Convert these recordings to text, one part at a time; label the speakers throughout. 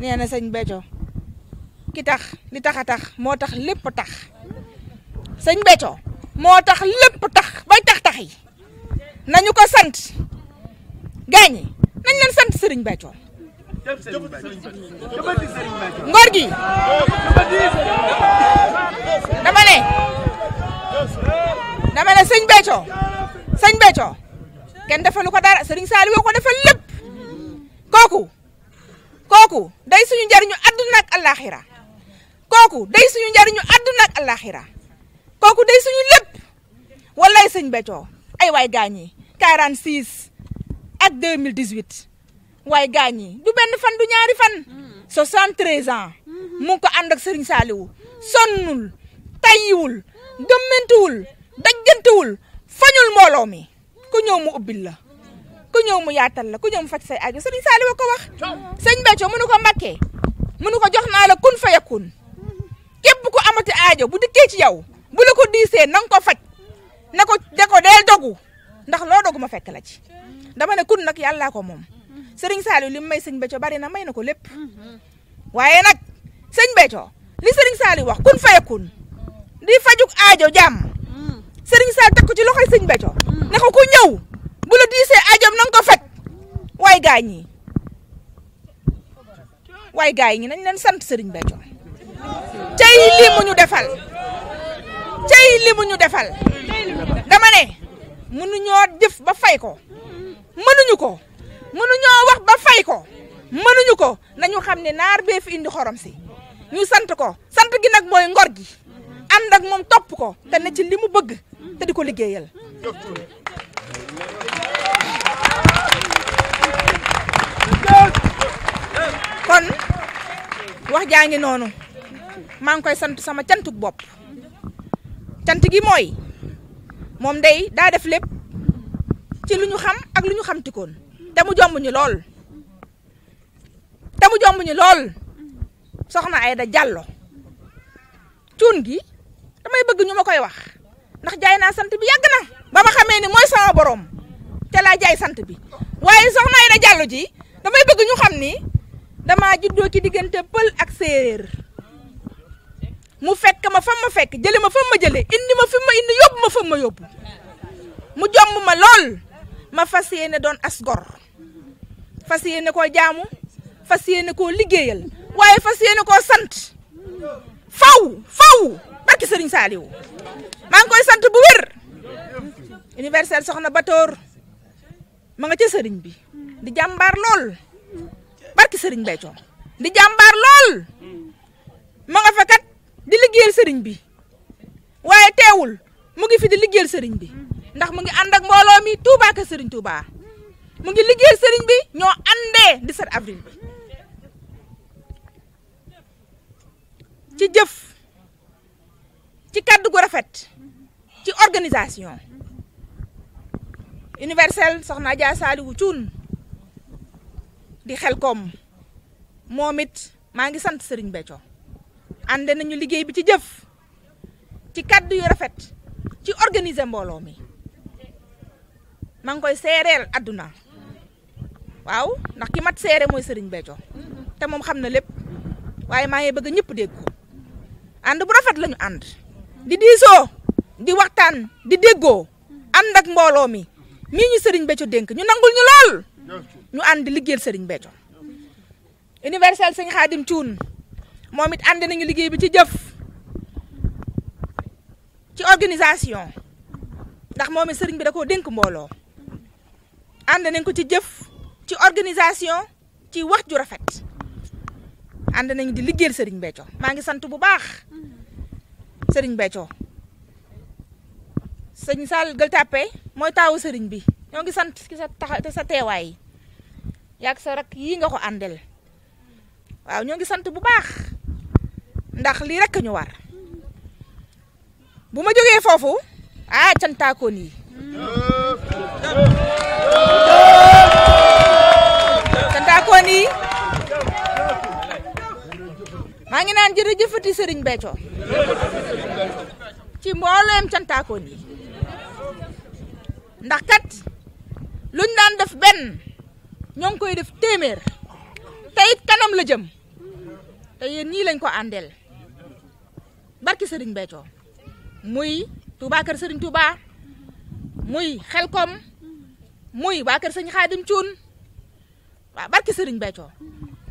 Speaker 1: nee na sëñ Béthio ki tax li tax a tax moo tax lépp tax sëñ Béthio moo tax lépp tax bay tax tax yi nañu ko sant gaañi nañ leen sant sëriñ Béthio ngor gi dama ne
Speaker 2: dama ne sëñ Béthio
Speaker 1: sëñ Béthio kenn defalu ko dara sëriñ Saliou ko defal lépp kooku kooku day suñu njariñu àdduna ak àllaaxira kooku day suñu njariñu àdduna kooku day suñu lépp walay sëñ Béthio ay waay gaañ yi 46 ak 2018 waay gaañ yi du benn fan du ñaari fan 73 ans mu ngi ànd ak Serigne Saliou sonnul tayyiwul gëmmantiwul dajjantiwul fañul mbooloo mi ku ñëw mu ubbil la ku ñëw mu yaatal la ku ñëw mu faj say aajo sëriñ Saliou ko wax sëñ Béthio mënu ko mbakkee mënu ko jox naa la kun fayakun képp ku amati aajo bu dikkee ci yow bu la ko diisee na nga ko faj na ko da ko dee dogu ndax loo dogu ma fekk la ci dama ne kun nag yàllaa ko moom sëriñ Saliou li mu may sëñ Béthio bari na may na ko lépp waaye nag sëñ Béthio li sëriñ wax kun fayakun di fajuk aajo jàmm sëriñ Saliou teg ko ci loxoy bu la diisee ajam na ko faj waay gaa ñi waay gaa ñi nañ leen sant sëriñ Béthio cey li mu ñu defal cey li ñu defal dama ne mënuñoo jëf ba fay ko mënuñu ko mënuñoo wax ba fay ko mënuñu ko nañu xam ne naar bee fi indi xorom si ñu sant ko sant gi nag mooy ngor gi ànd ak moom topp ko te ne ci limu bëgg te di ko liggéeyal wax jaa ngi noonu maa ngi koy sant sama cantuk bopp cant gi mooy moom day daa def lépp ci lu ñu xam ak lu ñu xam tikoon te mu jomb ñu lool te mu jomb ñu lool soxna Aida Diallo cuun gi damay bëgg ñu ma koy wax ndax jaay naa sant bi yàgg na ba ma xamee ni mooy sama borom te laa jaay sant bi waaye soxna Aida Diallo ji damay bëgg ñu xam ni dama juddoo ci diggante pël ak séeréer mu fekk ma fa ma fekk jële ma fa ma jële indi ma fi ma indi yóbbu ma fa ma yóbbu mu jomb ma lool ma fas yéene doon as gor fas yéene koo jaamu fas yéene koo liggéeyal waaye fas yéene koo sant faw faw barki sëriñ Saaliw maa koy sant bu wér universel soxna Batoor ma nga ca sëriñ bi di jàmbaar lool sëriñ Béthio di jàmbaar lool ma nga fa di liggéeyal sëriñ bi waaye teewul mu ngi fi di liggéeyal sëriñ bi ndax mu ngi ànd ak mbooloo mi Touba ka sëriñ Touba mu ngi liggéeyal sëriñ bi ñoo àndee 17 avril bi ci jëf ci kàddu gu rafet ci organisation universelle soxna Dia Saliou Thioune di xel koom moom it maa ngi sant Serigne Béthio ànd nañu liggéey bi ci jëf ci kaddu yu rafet ci organiser mbooloo mi maa koy seereel àdduna waaw ndax ki mat seere mooy Serigne Béthio te moom xam na lépp waaye maa ngi bëgg ñëpp dégg ko ànd bu rafet lañu ànd di diisoo di waxtaan di déggoo and ak mbooloo mi ñii ñu Serigne Béthio dénk ñu nangul ñu lool ñu ànd di liggéeyal Serigne universel sëñ xaadim cuun moom it ànd nañu liggéey bi ci jëf ci organisation ndax moom it sëriñ bi da koo dénk mbooloo ànd nañ ko ci jëf ci organisation ci wax ju rafet ànd nañ di liggéeyal sëriñ Béthio maa ngi sant bu baax sëriñ Béthio sëñ Sall Gueule Tapée mooy taaw sëriñ bi ñoo ngi sant ki sa teewaay yi yàgg sa rak yii nga ko àndel waaw ñoo ngi sant bu baax ndax lii rek ñu war bu ma jógee foofu ah cantaakoon yi cantaakoon yi maa ngi naan jërëjëfati Serigne Béthio ci mbooleem cantaakoon yi ndax kat luñ daan def benn ñoo ngi koy def téeméer te kanam la jëm te yéen ñii lañ ko àndeel barki sëriñ Béthio muy Touba kër sëriñ Touba muy xelkom muy waa kër sëriñ Xaadim Cuun waaw barki sëriñ Béthio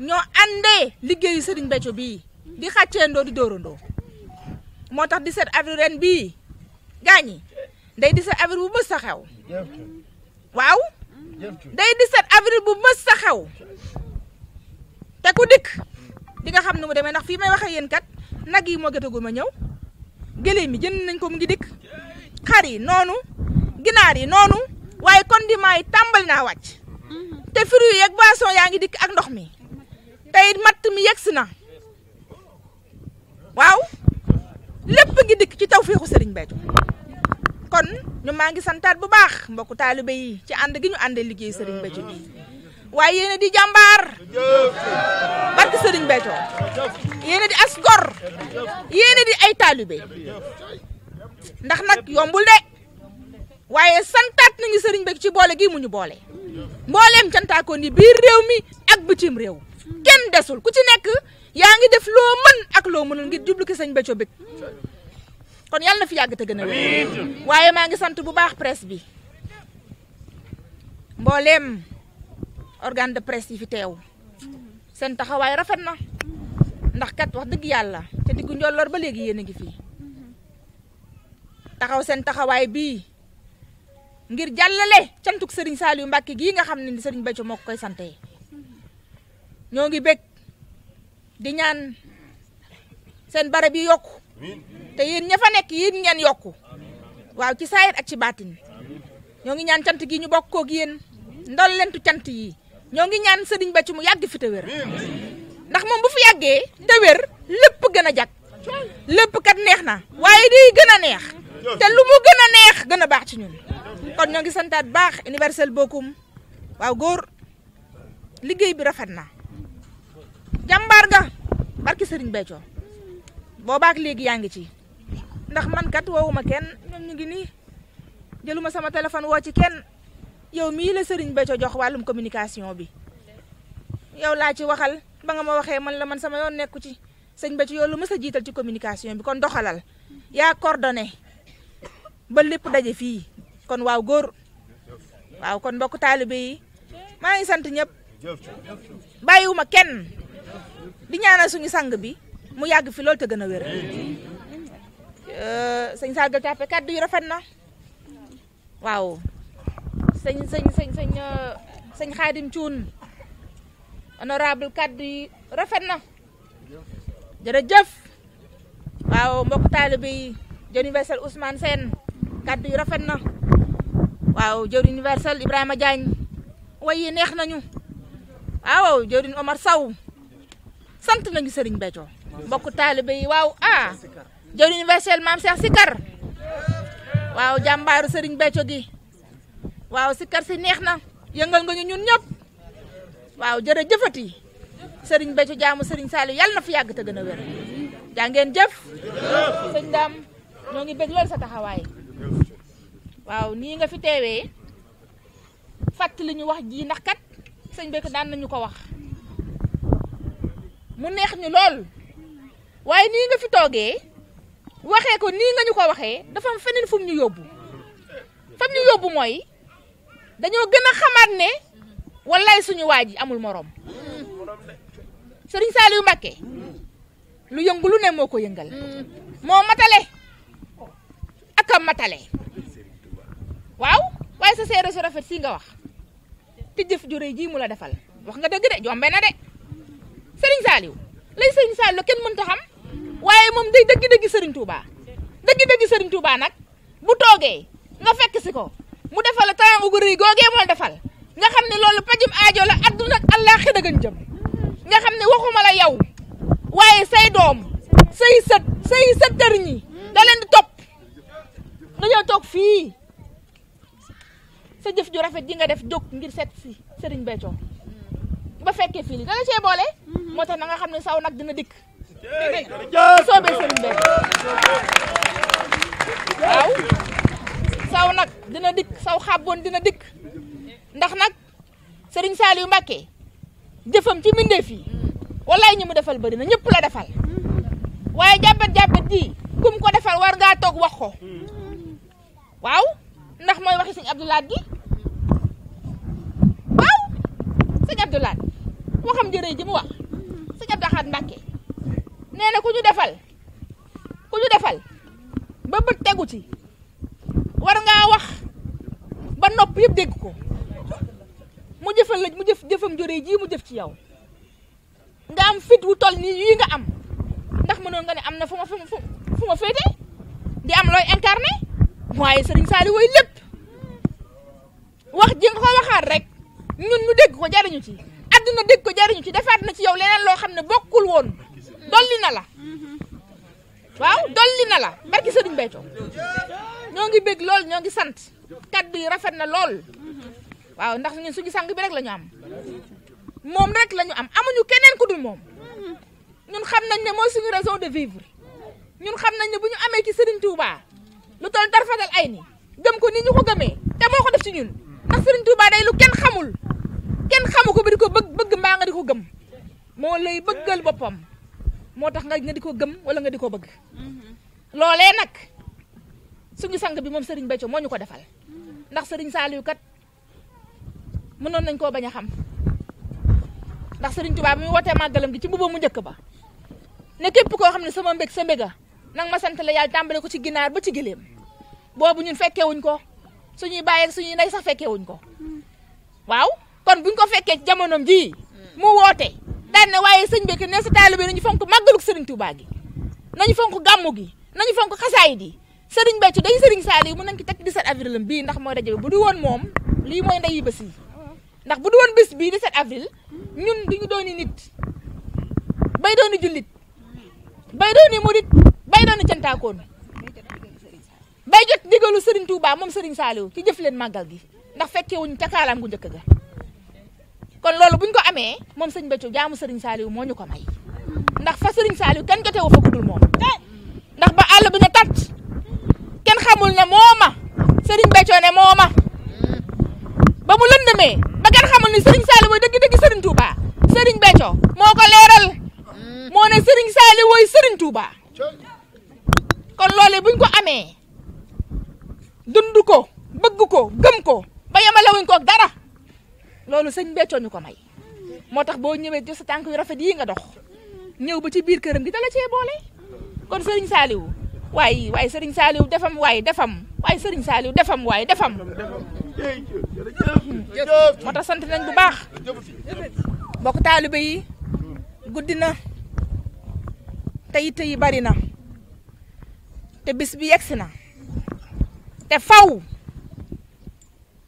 Speaker 1: ñoo àndee liggéeyu sëriñ Béthio bii di xàcceendoo di dóorandoo moo tax di avril ren bii gaañi day 17 avril bu mës sa xew waaw day 17 avril bu mës sa xew te ku dikk di nga xam ne mu demee ndax fii may waxee yéen kat nag yi moo jotagu ma ñëw gëléem yi jënd nañ ko mu ngi dikk xar yi noonu ginaar yi noonu waaye condiment yi tàmbali naa wàcc te fruits yi ak yaa ngi dikk ak ndox mi te it matt mi si na waaw lépp ngi dikk ci tawféexu Serigne Béthio kon ñu maa ngi santaat bu baax mbokku taalibe yi ci ànd gi ñu àndee liggéey Serigne Béthio bii waaye yéen a di jàmbaar barke Sëriñ Béthio yéen a di as gor di ay taalibe ndax nag yombul de waaye santaat nañu Sëriñ Béthio ci boole gi muñu boole mbooleem cantaakoon yi biir réew mi ak bu cim réew kenn desul ku ci nekk yaa ngi def loo mën ak loo mënul ngir jublu ki Sëriñ Béthio bëgg kon yàlla na fi yàgg te gën a wér waaye maa ngi sant bu baax press bi mbooleem organe de presse yi fi teew seen taxawaay rafet na ndax kat wax dëgg yàlla te diggu njolloor ba léegi yéen a ngi fi taxaw seen taxawaay bii ngir jàllale cantuk sëriñ Saliou Mbacke gii nga xam ne sëriñ Béthio moo ko koy sante ñoo ngi bég di ñaan seen barab bi yokku te yéen ña fa nekk yéen ngeen yokku waaw ci saayir ak ci baatin ñoo ngi ñaan cant gi ñu bokk koog yéen ndol lentu cant yi ñoo ngi ñaan sëriñ Bàcc mu yàgg fi te wér ndax moom bu fi yàggee te wér lépp gën a jag lépp kat neex na waaye day gën a neex te lu mu gën a neex gën a baax ci ñun kon ñoo ngi santaat baax universel bokkum waaw góor liggéey bi rafet na jàmbaar nga barki sëriñ Béthio boobaak léegi yaa ngi ci ndax man kat woowuma kenn ñoom ñu ngi nii jëluma sama téléphone woo ci kenn yow mii la Serigne Béthio jox wàllum communication bi yow laa ci waxal ba nga ma waxee man la man sama yoon nekku ci sëñ Béthio yow lu mës a jiital ci communication bi kon doxalal yaa coordonné ba lépp daje fii kon waaw góor waaw kon mbokk taalibe yi maa ngi sant ñëpp bàyyiwuma kenn di ñaanal suñu sang bi mu yàgg fi loolu te gën a wér. sëñ Sadio Tappe kàddu yu rafet na waaw. sëñ sëñ sëñ sëñ euh, sëñ xaadim cuun honorable kaddu yi rafet na jërëjëf waaw mbokk taalibe yi jër universel kaddu yi rafet na waaw jër universel Ibrahima Diagne way neex nañu waaw jëriñ Omar Sow sant nañu Serigne Béthio mbokk taalibe waaw ah jër universel maam Cheikh Sikar waaw jàmbaaru Serigne Béthio gi waaw sikkar si neex na yëngal nga ñu ñun ñëpp waaw jërëjëfati sëriñ Béthio jaamu sëriñ saali yàlla na fi yàgg te gën a wér jaa ngeen jëf sëñ Dame ñoo ngi bég loolu sa taxawaay waaw nii nga fi teewee fàttali ñu wax ji ndax kat sëñ Béthio daan nañu ko wax mu neex ñu lool waaye nii nga fi toogee waxee ko nii nga ñu ko waxee dafa am feneen fu mu ñu yóbbu fa ñu yóbbu mooy dañoo gën a xamaat ne wallaay suñu waa ji amul morom sëriñ Saliou Mbacké lu yëngu lu ne moo ko yëngal moo matale ak a matale waaw waaye sa seere su rafet si nga wax te jëf ju rëy ji mu la defal wax nga dëgg de jombe na de sëriñ Saliou lay sëriñ Saliou kenn mënta xam waaye moom day dëgg-dëgg sëriñ Touba dëgg-dëgg sëriñ Touba nag bu toogee nga fekk si ko mu defal la tayangu gu rëy googee moo defal nga xam ne loolu pajum aajo la adduna ak àllaaxira gën jëm nga xam ne waxuma la yow waaye say doom say sët say sëttër ñi da leen di topp dañoo toog fii sa jëf ju rafet ji nga def jóg ngir seet si sëriñ Béthio ba fekkee fii li dala cee boole mm-hmm. moo tax na nga xam ne saw nag dina dikk soobee sëriñ Béthio waaw saw nag dina dikk saw xàbboon dina dikk ndax nag Serigne Saliou Mbacké jëfam ci mbindeef yi wallaay ñi mu defal bëri na ñëpp la defal waaye jàppet jàppet ji kum ko defal war ngaa toog wax ko waaw ndax mooy waxi sëñ Abdoulaat gi waaw sëñ Abdoulaat waxam jërëjëf ji mu wax sëñ Abdou Ahad nee na ku ñu defal ku ñu defal ba bët tegu ci. war ngaa wax ba nopp yëpp dégg ko mu jëfal la mu jëf jëfam jore jii mu jëf ci yow nga am fit wu toll nii yii nga am ndax mënoon nga ne am na fu ma fu fu ma di am looy incarné waaye sëriñ Saliou woy lépp wax ji nga ko waxaat rek ñun ñu dégg ko jariñu ci àdduna dégg ko jariñu ci defaat na ci yow leneen loo xam ne bokkul woon dolli na la mhm. waaw dolli na la barki sëriñ Béthio ngi bég lool ñoo ngi sant kaddu yi rafet na lool waaw ndax ñun suñu sang bi rek la am moom rek lañu am amuñu keneen ku dul moom ñun xam nañ ne mooy suñu raison de vivre ñun xam nañ ne bu ñu amee ci Serigne Touba lu toll dara ay ni gëm ko ni ñu ko gëmee te moo ko def ci ñun ndax Serigne Touba day lu kenn xamul kenn xamu ko ba di ko bëgg bëgg mbaa nga di ko gëm moo lay bëggal boppam moo tax nga di ko gëm wala nga di ko bëgg mhm. loolee nag. suñu sang bi moom Serigne Béthio moo ñu ko defal ndax sëriñ Saliou kat mënoon nañ koo bañ a xam ndax sëriñ Touba bi mu wootee màggalam gi ci mbuba mu njëkk ba ne képp koo xam ne sama mbég sa mbéga ma sant la yàlla tàmbale ko ci ginaar ba ci gëléem boobu ñun fekkee wuñ ko suñuy bàyyeeg suñuy ndey sax fekkee wuñ ko waaw kon buñ ko fekkee ci ji jii mu woote daan na waaye sëñ bi ne sa taalibe nañu fonk màggaluk Serigne Touba gi nañu fonk gàmmu gi nañu fonk xasaayid yi sëriñ Béthio day sëriñ Saliou mën nañ ko teg 17 avril am bii ndax mooy daje bu du woon moom lii mooy ndeyu bés yi ndax bu du woon bés bii 17 avril ñun duñu dooni nit bay dooni jullit bay dooni murit bay dooni cantaakoon bay jot digalu Serigne Touba moom Serigne Saliou ci jëf leen màggal gi ndax fekkee wuñ ca kaalaam gu njëkk ga kon loolu buñ ko amee moom sëñ Béthio jaamu Serigne Saliou moo ñu ko may ndax fa sëriñ Saliou kenn jotewu fa ku dul xamul ne mooma Serigne Béthio ne mooma ba mu lëndamee ba gan xamul ne Serigne Saliou mooy dëgg-dëgg Serigne Touba sëriñ Béthio moo ko leeral moo ne Serigne Saliou mooy Serigne Touba kon loolee buñ ko amee dund ko bëgg ko gëm ko ba yemale wuñ ko ak dara loolu sëñ Béthio ñu ko may moo tax boo ñëwee jël sa tànk yu rafet yi nga dox ñëw ba ci biir këram gi dala cee boole kon Serigne Saliou. waaye waaye Serigne Saliou defam waay defam waaye sëriñ Saliou defam waaye defam moo tax sant nañ bu baax mbokk taalibe yi guddi na te yitte yi bari na te bis bi yegsi na te faw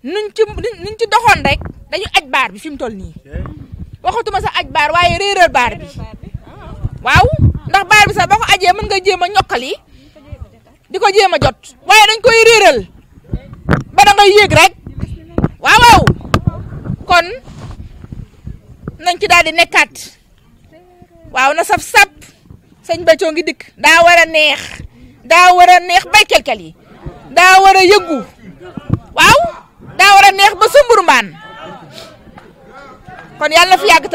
Speaker 1: nuñ ci nuñ ci doxoon rek dañu aj baar bi fi mu toll nii waxatuma sa aj baar waaye réeral baar bi waaw ndax baar bi sax boo ko ajee mën nga jéem a di ko jéem a jot waaye dañ koy réeral ba da ngay yéeg rek waaw kon nañ ci daal di nekkaat waaw na saf sap sëñ Béthio ngi dikk daa war neex daa war a neex bay kelkel yi daa war a yëngu waaw daa war neex ba sumbur mbaan kon yàlla na fi yàgg